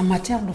en matière de